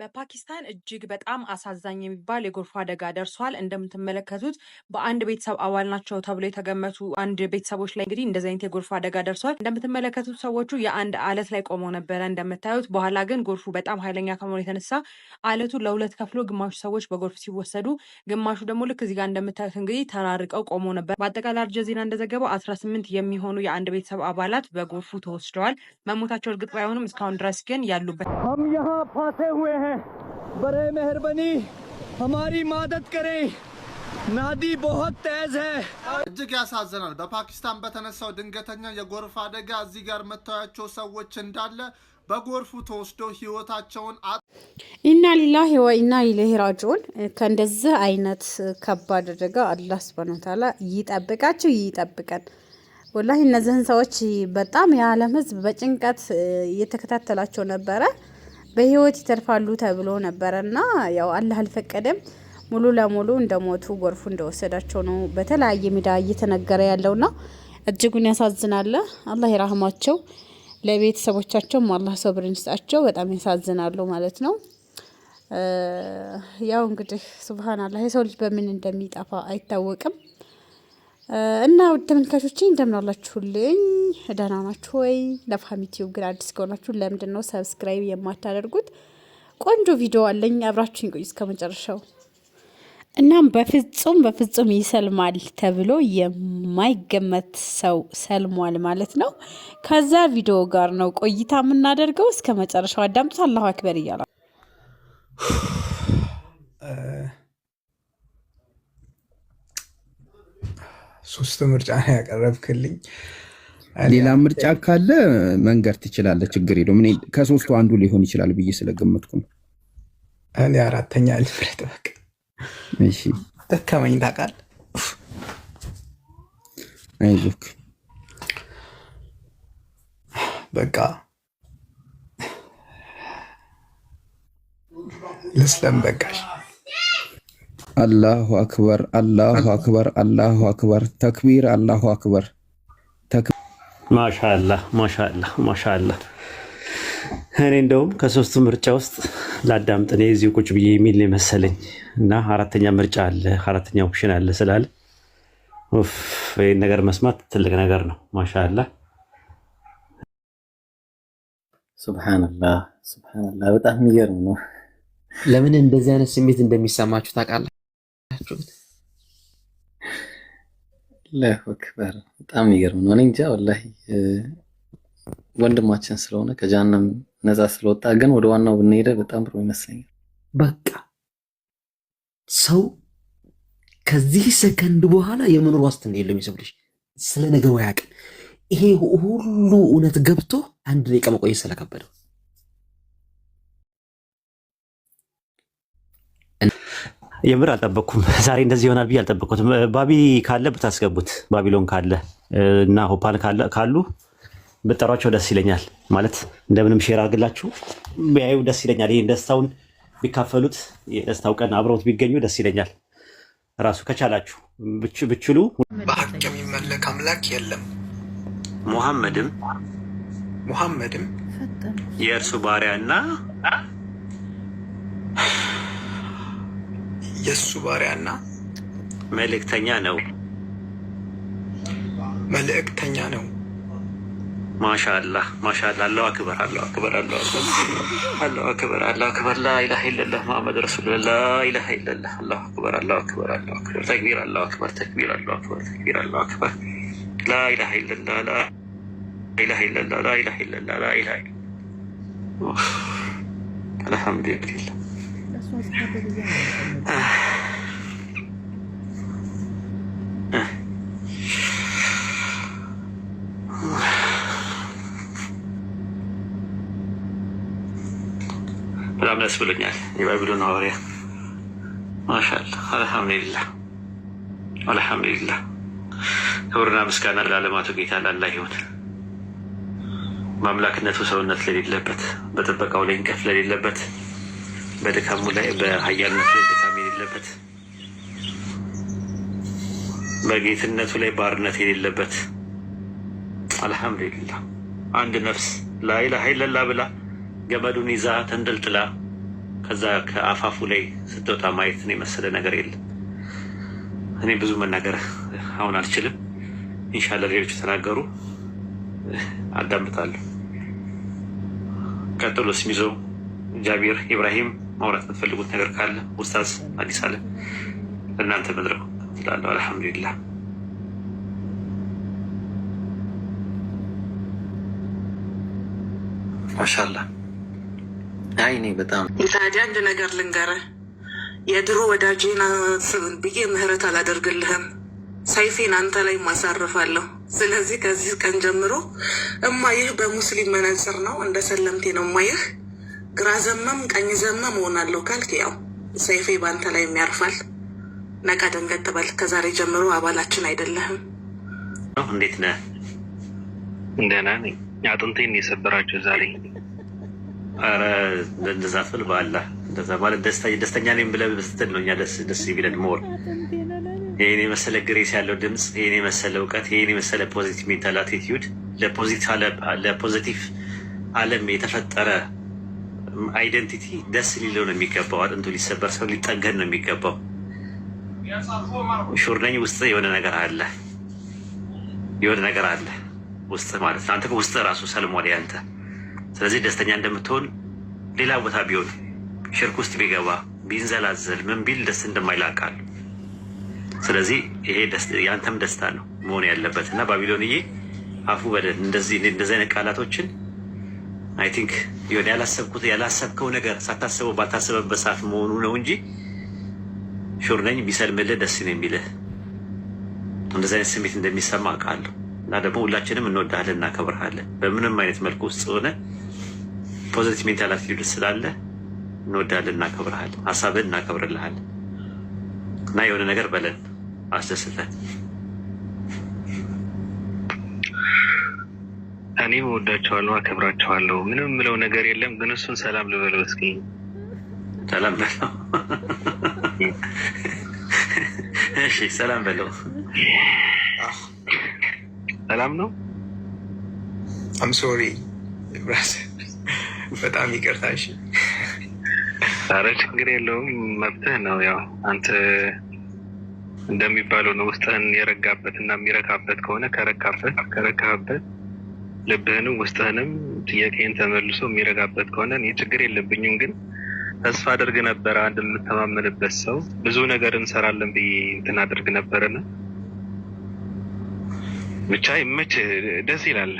በፓኪስታን እጅግ በጣም አሳዛኝ የሚባል የጎርፍ አደጋ ደርሷል። እንደምትመለከቱት በአንድ ቤተሰብ አባል ናቸው ተብሎ የተገመቱ አንድ ቤተሰቦች ላይ እንግዲህ እንደዚህ አይነት የጎርፍ አደጋ ደርሷል። እንደምትመለከቱት ሰዎቹ የአንድ አለት ላይ ቆመው ነበረ እንደምታዩት። በኋላ ግን ጎርፉ በጣም ኃይለኛ ከመሆኑ የተነሳ አለቱ ለሁለት ከፍሎ ግማሹ ሰዎች በጎርፍ ሲወሰዱ፣ ግማሹ ደግሞ ልክ እዚህ ጋር እንደምታዩት እንግዲህ ተራርቀው ቆመው ነበር። በአጠቃላይ አልጀዚራ እንደዘገበው አስራ ስምንት የሚሆኑ የአንድ ቤተሰብ አባላት በጎርፉ ተወስደዋል። መሞታቸው እርግጥ ባይሆንም እስካሁን ድረስ ግን ያሉበት है बर मेहरबानी हमारी मदद करें ናዲ ቦሆት ተያዘ። እጅግ ያሳዝናል። በፓኪስታን በተነሳው ድንገተኛ የጎርፍ አደጋ እዚህ ጋር መታያቸው ሰዎች እንዳለ በጎርፉ ተወስዶ ህይወታቸውን ኢና ሊላሂ ወኢና ኢለይሂ ራጂዑን። ከእንደዚህ አይነት ከባድ አደጋ አላህ ሱብሃነሁ ወተዓላ ይጠብቃቸው ይጠብቀን። ወላሂ እነዚህን ሰዎች በጣም የዓለም ህዝብ በጭንቀት እየተከታተላቸው ነበረ። በህይወት ይተርፋሉ ተብሎ ነበረና ያው አላህ አልፈቀደም። ሙሉ ለሙሉ እንደሞቱ ጎርፉ እንደወሰዳቸው ነው በተለያየ ሚዳ እየተነገረ ያለውና እጅጉን ያሳዝናል። አላህ ይራህማቸው ለቤተሰቦቻቸውም አላህ ሰብር ይስጣቸው። በጣም ያሳዝናሉ ማለት ነው። ያው እንግዲህ ሱብሃን አላ የሰው ልጅ በምን እንደሚጠፋ አይታወቅም። እና ውድ ተመልካቾቼ እንደምናላችሁልኝ ደህና ናችሁ ወይ? ግን አዲስ ከሆናችሁ ለምንድን ነው ሰብስክራይብ የማታደርጉት? ቆንጆ ቪዲዮ አለኝ፣ አብራችሁኝ ቆዩ እስከ መጨረሻው። እናም በፍጹም በፍጹም ይሰልማል ተብሎ የማይገመት ሰው ሰልሟል ማለት ነው። ከዛ ቪዲዮ ጋር ነው ቆይታ የምናደርገው። እስከ መጨረሻው አዳምጡት። አላሁ አክበር እያላ ሶስት ምርጫ ነው ያቀረብክልኝ። ሌላ ምርጫ ካለ መንገድ ትችላለህ፣ ችግር የለውም። እኔ ከሶስቱ አንዱ ሊሆን ይችላል ብዬ ስለገመትኩ ነው። እኔ አራተኛ ልምረጥ። በቃ ደከመኝ ታውቃለህ። አይዞክ በቃ ልስለም። በቃሽ አላሁ አክበር፣ አላሁ አክበር፣ አላሁ አክበር፣ ተክቢር፣ አላሁ አክበር። ማሻአላህ ማሻአላህ ማሻአላህ። እኔ እንደውም ከሶስቱ ምርጫ ውስጥ ላዳምጥ እኔ እዚሁ ቁጭ ብዬ የሚል መሰለኝ እና አራተኛ ምርጫ አለ አራተኛ ኦፕሽን አለ ስላለ ይህን ነገር መስማት ትልቅ ነገር ነው። ማሻአላህ ሱብሃነላህ ሱብሃነላህ። በጣም የሚገርም ነው። ለምን እንደዚህ አይነት ስሜት እንደሚሰማችሁ ታውቃለህ? ያላችሁት? አላሁ አክበር በጣም የሚገርም ነው። እኔ እንጃ ወላሂ ወንድማችን ስለሆነ ከጃናም ነፃ ስለወጣ ግን ወደ ዋናው ብንሄደ በጣም ጥሩ ይመስለኛል። በቃ ሰው ከዚህ ሰከንድ በኋላ የመኖር ዋስትና የለውም። የሰው ልጅ ስለ ነገሩ አያውቅም። ይሄ ሁሉ እውነት ገብቶ አንድ ደቂቃ መቆየት ስለከበደው የምር አልጠበቅኩም። ዛሬ እንደዚህ ይሆናል ብዬ አልጠበቅኩትም። ባቢ ካለ ብታስገቡት፣ ባቢሎን ካለ እና ሆፓን ካሉ ብጠሯቸው ደስ ይለኛል። ማለት እንደምንም ሼር አድርግላችሁ ቢያዩ ደስ ይለኛል። ይህ ደስታውን ቢካፈሉት የደስታው ቀን አብረውት ቢገኙ ደስ ይለኛል። ራሱ ከቻላችሁ ብችሉ። በሀቅ የሚመለክ አምላክ የለም፣ ሙሐመድም ሙሐመድም የእርሱ ባሪያ እና የእሱ ባሪያና መልእክተኛ ነው። መልእክተኛ ነው። ማሻአላህ ማሻአላህ። አላሁ አክበር አላሁ አክበር አላሁ አክበር አላሁ አክበር። ላኢላሀ ኢለላህ መሐመድ ረሱሉላህ። ላኢላሀ ኢለላህ አላሁ አክበር አላሁ አክበር አላሁ አክበር። ተክቢር አላሁ አክበር ተክቢር አላሁ አክበር ተክቢር አላሁ አክበር። ላኢላሀ ኢለላህ ላኢላሀ ኢለላህ ላኢላሀ ኢለላህ ላኢላሀ ኢለላህ። አልሐምዱሊላህ በጣም ደስ ብሎኛል። የባቢሎን ሐዋርያ ማሻላ አልሐምዱሊላህ አልሐምዱሊላህ። ክብርና ምስጋና ለዓለማቱ ጌታ ላላህ ይሁን። በአምላክነቱ ሰውነት ለሌለበት፣ በጥበቃው ላይ እንቀፍ ለሌለበት በድካሙ ላይ በሀያልነቱ ላይ ድካም የሌለበት በጌትነቱ ላይ ባርነት የሌለበት አልሐምዱሊላህ። አንድ ነፍስ ላይላሀ ኢለላህ ብላ ገመዱን ይዛ ተንጠልጥላ ከዛ ከአፋፉ ላይ ስትወጣ ማየትን የመሰለ ነገር የለም። እኔ ብዙ መናገር አሁን አልችልም። ኢንሻላህ ሌሎች ተናገሩ አዳምጣለሁ። ቀጥሎ ስሚዞ ጃቢር ኢብራሂም ማውራት የምትፈልጉት ነገር ካለ ኡስታዝ አዲስ አለ እናንተ መድረኩ ትላለሁ። አልሐምዱሊላህ ማሻላ። አይኔ በጣም ታዲያ አንድ ነገር ልንገረ የድሮ ወዳጄን ብዬ ምህረት አላደርግልህም። ሰይፌን አንተ ላይ ማሳርፋለሁ። ስለዚህ ከዚህ ቀን ጀምሮ ይህ በሙስሊም መነጽር ነው፣ እንደ ሰለምቴ ነው ይህ። ግራ ዘመም ቀኝ ዘመም እሆናለሁ ካልክ ያው ሰይፌ በአንተ ላይ የሚያርፋል። ነቃ ደንገጥ በል። ከዛሬ ጀምሮ አባላችን አይደለህም። እንዴት ነህ? እንደና አጥንቴን የሰበራቸው ዛሬ። ኧረ እንደዛ ፍል በአላ እንደዛ ማለት ደስተኛ ነኝ ብለህ ስትል ነው እኛ ደስ የሚለን ሞር ይህን የመሰለ ግሬስ ያለው ድምፅ፣ ይህን የመሰለ እውቀት፣ ይህን የመሰለ ፖዚቲቭ ሜንታል አቲቲዩድ ለፖዚቲቭ ዓለም የተፈጠረ አይደንቲቲ ደስ ሊለው ነው የሚገባው። አጥንቱ ሊሰበር ሰው ሊጠገን ነው የሚገባው። ሹርነኝ ውስጥ የሆነ ነገር አለ፣ የሆነ ነገር አለ ውስጥ ማለት ነው። አንተ ውስጥ ራሱ ሰልሟል ያንተ። ስለዚህ ደስተኛ እንደምትሆን ሌላ ቦታ ቢሆን ሽርክ ውስጥ ቢገባ ቢንዘላዘል ምን ቢል ደስ እንደማይላቃል። ስለዚህ ይሄ የአንተም ደስታ ነው መሆን ያለበት እና ባቢሎንዬ አፉ በደል እንደዚህ አይነት ቃላቶችን አይ ቲንክ የሆነ ያላሰብኩት ያላሰብከው ነገር ሳታስበው ባልታሰበበት ሰዓት መሆኑ ነው እንጂ ሹር ነኝ ቢሰልምልህ ደስ ነው የሚልህ። እንደዚህ አይነት ስሜት እንደሚሰማ አውቃለሁ። እና ደግሞ ሁላችንም እንወዳለን እናከብርሃለን። በምንም አይነት መልኩ ውስጥ ሆነ ፖዘቲቭ ሜንታል አቲቲዩድ ስላለ እንወዳለን እናከብርሃለን። ሀሳብን እናከብርልሃለን እና የሆነ ነገር በለን አስደስተን እኔም እወዳቸዋለሁ፣ አከብራቸዋለሁ። ምንም የምለው ነገር የለም፣ ግን እሱን ሰላም ልበለው እስኪ። ሰላም በለው፣ እሺ፣ ሰላም በለው። ሰላም ነው። አም ሶሪ ራስ፣ በጣም ይቅርታ። እሺ፣ ኧረ ችግር የለውም፣ መብትህ ነው። ያው አንተ እንደሚባለው ነው። ውስጥህን የረጋበት እና የሚረካበት ከሆነ ከረካበት ከረካበት ልብህንም ውስጥህንም ጥያቄን ተመልሶ የሚረጋበት ከሆነ እኔ ችግር የለብኝም። ግን ተስፋ አድርግ ነበረ አንድ የምተማመንበት ሰው ብዙ ነገር እንሰራለን ብዬ እንትን አድርግ ነበረና ብቻ ይመች፣ ደስ ይላል።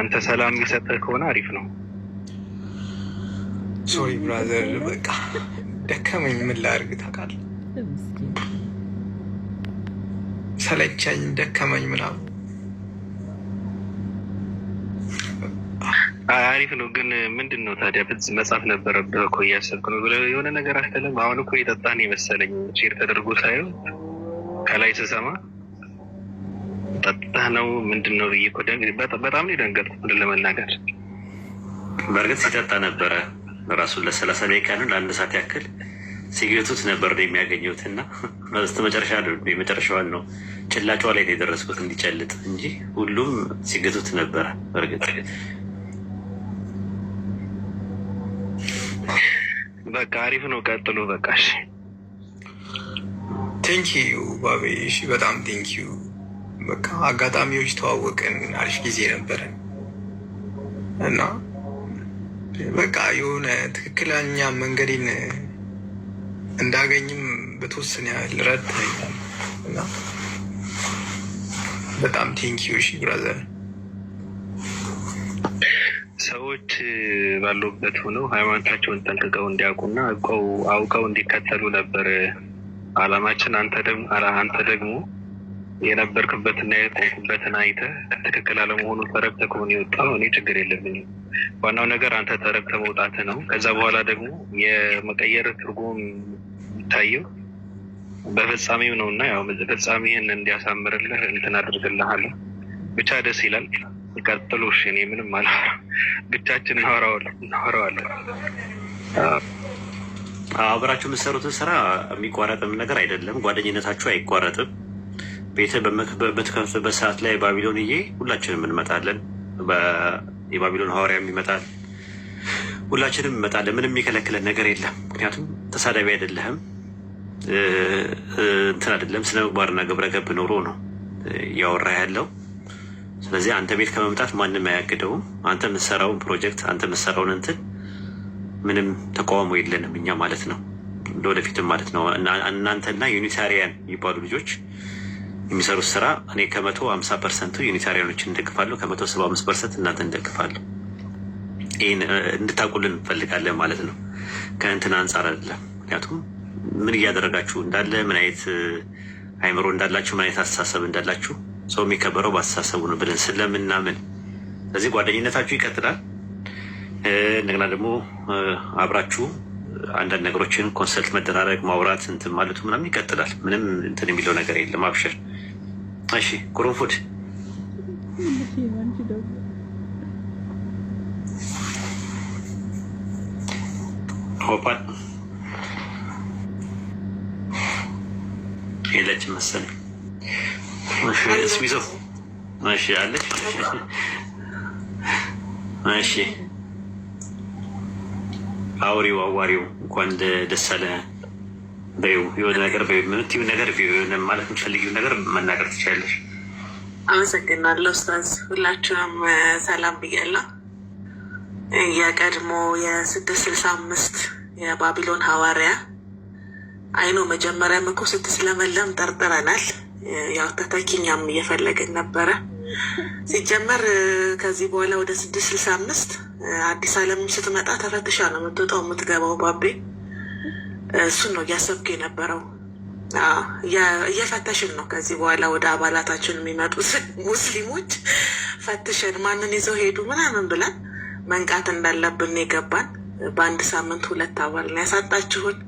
አንተ ሰላም የሚሰጥህ ከሆነ አሪፍ ነው። ሶሪ ብራዘር፣ በቃ ደከመኝ። ምን ላድርግ ታውቃለህ? ሰለቻኝ ደከመኝ ምናምን አሪፍ ነው ግን ምንድን ነው ታዲያ? ብዝ መጽሐፍ ነበረብህ እኮ እያሰብክ ነው ብለህ የሆነ ነገር አይደለም አሁን እኮ የጠጣን የመሰለኝ ሼር ተደርጎ ሳየው ከላይ ስሰማ ጠጣ ነው ምንድን ነው ብዬ እኮ በጣም ነው ምንድን ለመናገር በእርግጥ ሲጠጣ ነበረ ራሱን ለሰላሳ ደቂቃ ነው ለአንድ ሰዓት ያክል ሲገቱት ነበር ነው የሚያገኘት እና በስተ መጨረሻ የመጨረሻዋን ነው ጭላጫዋ ላይ ነው የደረስኩት እንዲጨልጥ እንጂ ሁሉም ሲገቱት ነበረ በእርግጥ በቃ አሪፍ ነው። ቀጥሎ በቃ እሺ። ዩ ባቤ። እሺ፣ በጣም ዩ። በቃ አጋጣሚዎች ተዋወቅን፣ አሪፍ ጊዜ ነበረን እና በቃ የሆነ ትክክለኛ መንገዴን እንዳገኝም በተወሰነ ያህል ረድተኛል እና በጣም ቴንኪዩ። እሺ ብራዘር ሰዎች ባሉበት ሆነው ሃይማኖታቸውን ጠንቅቀው እንዲያውቁና አውቀው እንዲከተሉ ነበር አላማችን። አንተ ደግሞ የነበርክበትና የቆምኩበትን አይተህ ትክክል አለመሆኑ ተረብተህ ከሆነ የወጣው እኔ ችግር የለብኝም። ዋናው ነገር አንተ ተረብተህ መውጣት ነው። ከዛ በኋላ ደግሞ የመቀየር ትርጉም ይታየው በፈጻሚው ነው እና ያው ፈጻሚህን እንዲያሳምርልህ እንትን አድርግልሃለሁ። ብቻ ደስ ይላል። ቀጥሎ እሺ፣ እኔ ምንም አላወራም። ብቻችን እናወራዋለን። አብራችሁ የምትሰሩትን ስራ የሚቋረጥም ነገር አይደለም። ጓደኝነታችሁ አይቋረጥም። ቤተ በምትከፍበት ሰዓት ላይ ባቢሎን እዬ ሁላችንም እንመጣለን። የባቢሎን ሐዋርያም ይመጣል፣ ሁላችንም እንመጣለን። ምንም የሚከለክለን ነገር የለም። ምክንያቱም ተሳዳቢ አይደለህም፣ እንትን አይደለም። ስነ ምግባርና ግብረ ገብ ኖሮ ነው እያወራ ያለው ስለዚህ አንተ ቤት ከመምጣት ማንም አያግደውም። አንተ የምትሰራውን ፕሮጀክት አንተ የምትሰራውን እንትን ምንም ተቃውሞ የለንም እኛ ማለት ነው። ለወደፊትም ማለት ነው እናንተና ዩኒታሪያን የሚባሉ ልጆች የሚሰሩት ስራ እኔ ከመቶ ሀምሳ ፐርሰንቱ ዩኒታሪያኖች እንደግፋለሁ፣ ከመቶ ሰባ አምስት ፐርሰንት እናንተ እንደግፋለሁ። ይህን እንድታቁልን እንፈልጋለን ማለት ነው። ከእንትን አንጻር አይደለም። ምክንያቱም ምን እያደረጋችሁ እንዳለ ምን አይነት አይምሮ እንዳላችሁ ምን አይነት አስተሳሰብ እንዳላችሁ ሰው የሚከበረው በአስተሳሰቡ ነው ብለን ስለምናምን፣ ስለዚህ ጓደኝነታችሁ ይቀጥላል። እንደገና ደግሞ አብራችሁ አንዳንድ ነገሮችን ኮንሰልት መደራረግ፣ ማውራት፣ እንትን ማለቱ ምናምን ይቀጥላል። ምንም እንትን የሚለው ነገር የለም። አብሽር። እሺ ቁርንፉድ ሆፓል የለች መሰለኝ ስሚዞ እሺ አለሽ። እሺ አውሪው አዋሪው እንኳን ደስ አለ በይው። የሆነ ነገር በምትይው ነገር የሆነ ማለት የምትፈልጊው ነገር መናገር ትችላለሽ። አመሰግናለሁ ኡስታዝ። ሁላችሁም ሰላም ብያለሁ። የቀድሞ የስድስት ስልሳ አምስት የባቢሎን ሐዋርያ አይኖ መጀመሪያም እኮ ለመለም ጠርጥረናል። ያው ተተኪኛም እየፈለግን ነበረ። ሲጀመር ከዚህ በኋላ ወደ ስድስት ስልሳ አምስት አዲስ አለም ስትመጣ ተፈትሻ ነው የምትወጣው የምትገባው። ባቤ እሱን ነው እያሰብኩ የነበረው። እየፈተሽን ነው ከዚህ በኋላ ወደ አባላታችን የሚመጡት ሙስሊሞች ፈትሸን ማንን ይዘው ሄዱ ምናምን ብለን መንቃት እንዳለብን የገባን። በአንድ ሳምንት ሁለት አባል ነው ያሳጣችሁን።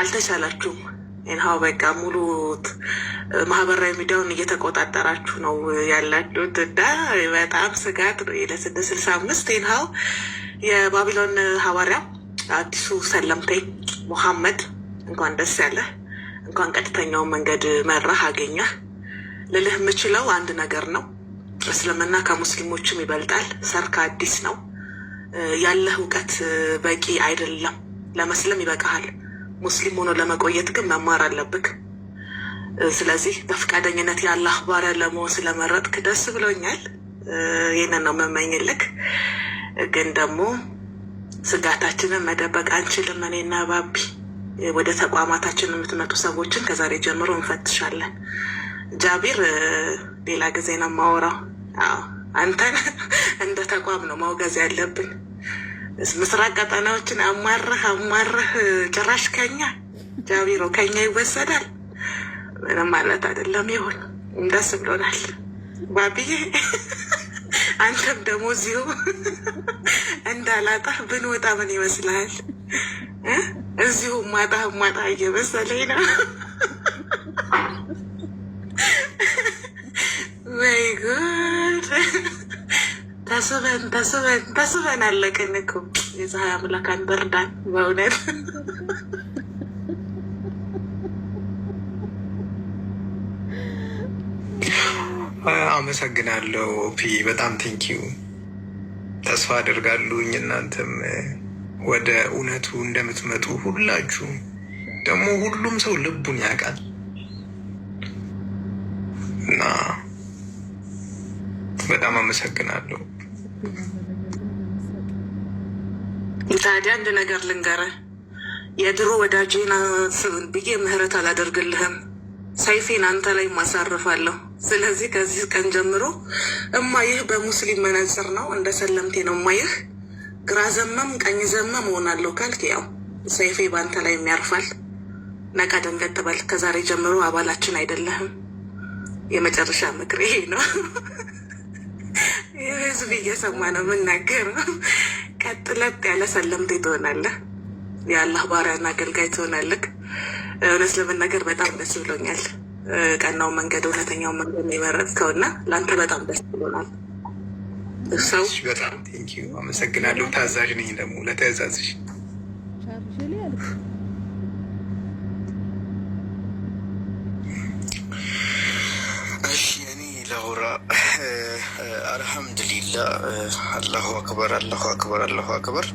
አልተቻላችሁም። ኢንሃው በቃ ሙሉ ማህበራዊ ሚዲያውን እየተቆጣጠራችሁ ነው ያላችሁት እና በጣም ስጋት ነው። ለስድስት ስልሳ አምስት ኢንሃው የባቢሎን ሐዋርያ አዲሱ ሰለምቴ ሙሐመድ እንኳን ደስ ያለህ፣ እንኳን ቀጥተኛውን መንገድ መራህ አገኘህ። ልልህ የምችለው አንድ ነገር ነው። እስልምና ከሙስሊሞችም ይበልጣል። ሰርክ አዲስ ነው ያለህ እውቀት በቂ አይደለም። ለመስለም ይበቃሃል። ሙስሊም ሆኖ ለመቆየት ግን መማር አለብክ። ስለዚህ በፈቃደኝነት የአላህ ባሪያ ለመሆን ስለመረጥክ ደስ ብሎኛል። ይህንን ነው የምመኝልክ። ግን ደግሞ ስጋታችንን መደበቅ አንችልም። እኔና ባቢ ወደ ተቋማታችን የምትመጡ ሰዎችን ከዛሬ ጀምሮ እንፈትሻለን። ጃቢር ሌላ ጊዜ ነው የማወራው። አንተን እንደ ተቋም ነው ማውገዝ ያለብን። ምስራቅ ቀጠናዎችን አሟረህ አሟረህ ጭራሽ ከኛ ጃቢሮ ከኛ ይወሰዳል። ምንም ማለት አይደለም። ይሁን እንደስ ብሎናል። ባብዬ አንተም ደግሞ እዚሁ እንዳላጣህ ብንወጣ ምን ይመስልሃል? እዚሁ ማጣ ማጣ እየመሰለኝ ነው። ወይ ጉድ ተስበን ተስበን ተስበን አለቅን እኮ የፀሐይ አምላካን በእውነት አመሰግናለሁ ፒ በጣም ቴንኪዩ ተስፋ አደርጋለሁኝ እናንተም ወደ እውነቱ እንደምትመጡ ሁላችሁ ደግሞ ሁሉም ሰው ልቡን ያውቃል እና በጣም አመሰግናለሁ ታዲያ አንድ ነገር ልንገረ የድሮ ወዳጄን ብዬ ምህረት አላደርግልህም። ሰይፌን አንተ ላይ ማሳርፋለሁ። ስለዚህ ከዚህ ቀን ጀምሮ እማይህ በሙስሊም መነጽር ነው፣ እንደ ሰለምቴ ነው እማይህ። ግራ ዘመም ቀኝ ዘመም እሆናለሁ ካልክ ያው ሰይፌ በአንተ ላይ የሚያርፋል። ነቃ ደንገጥ በል። ከዛሬ ጀምሮ አባላችን አይደለህም። የመጨረሻ ምክር ይሄ ነው። ህዝብ እየሰማ ነው የምናገረው። ቀጥለጥ ያለ ሰለምቴ ትሆናለህ፣ የአላህ ባሪያና አገልጋይ ትሆናለህ። እውነት ለመናገር በጣም ደስ ብሎኛል። ቀናው መንገድ፣ እውነተኛው መንገድ የመረጥከው እና ለአንተ በጣም ደስ ብሎናል። ሰው በጣም አመሰግናለሁ። ታዛዥ ነኝ ደግሞ ለተዛዝሽ አልሐምዱሊላ አላሁ አክበር አላሁ አክበር አላሁ አክበር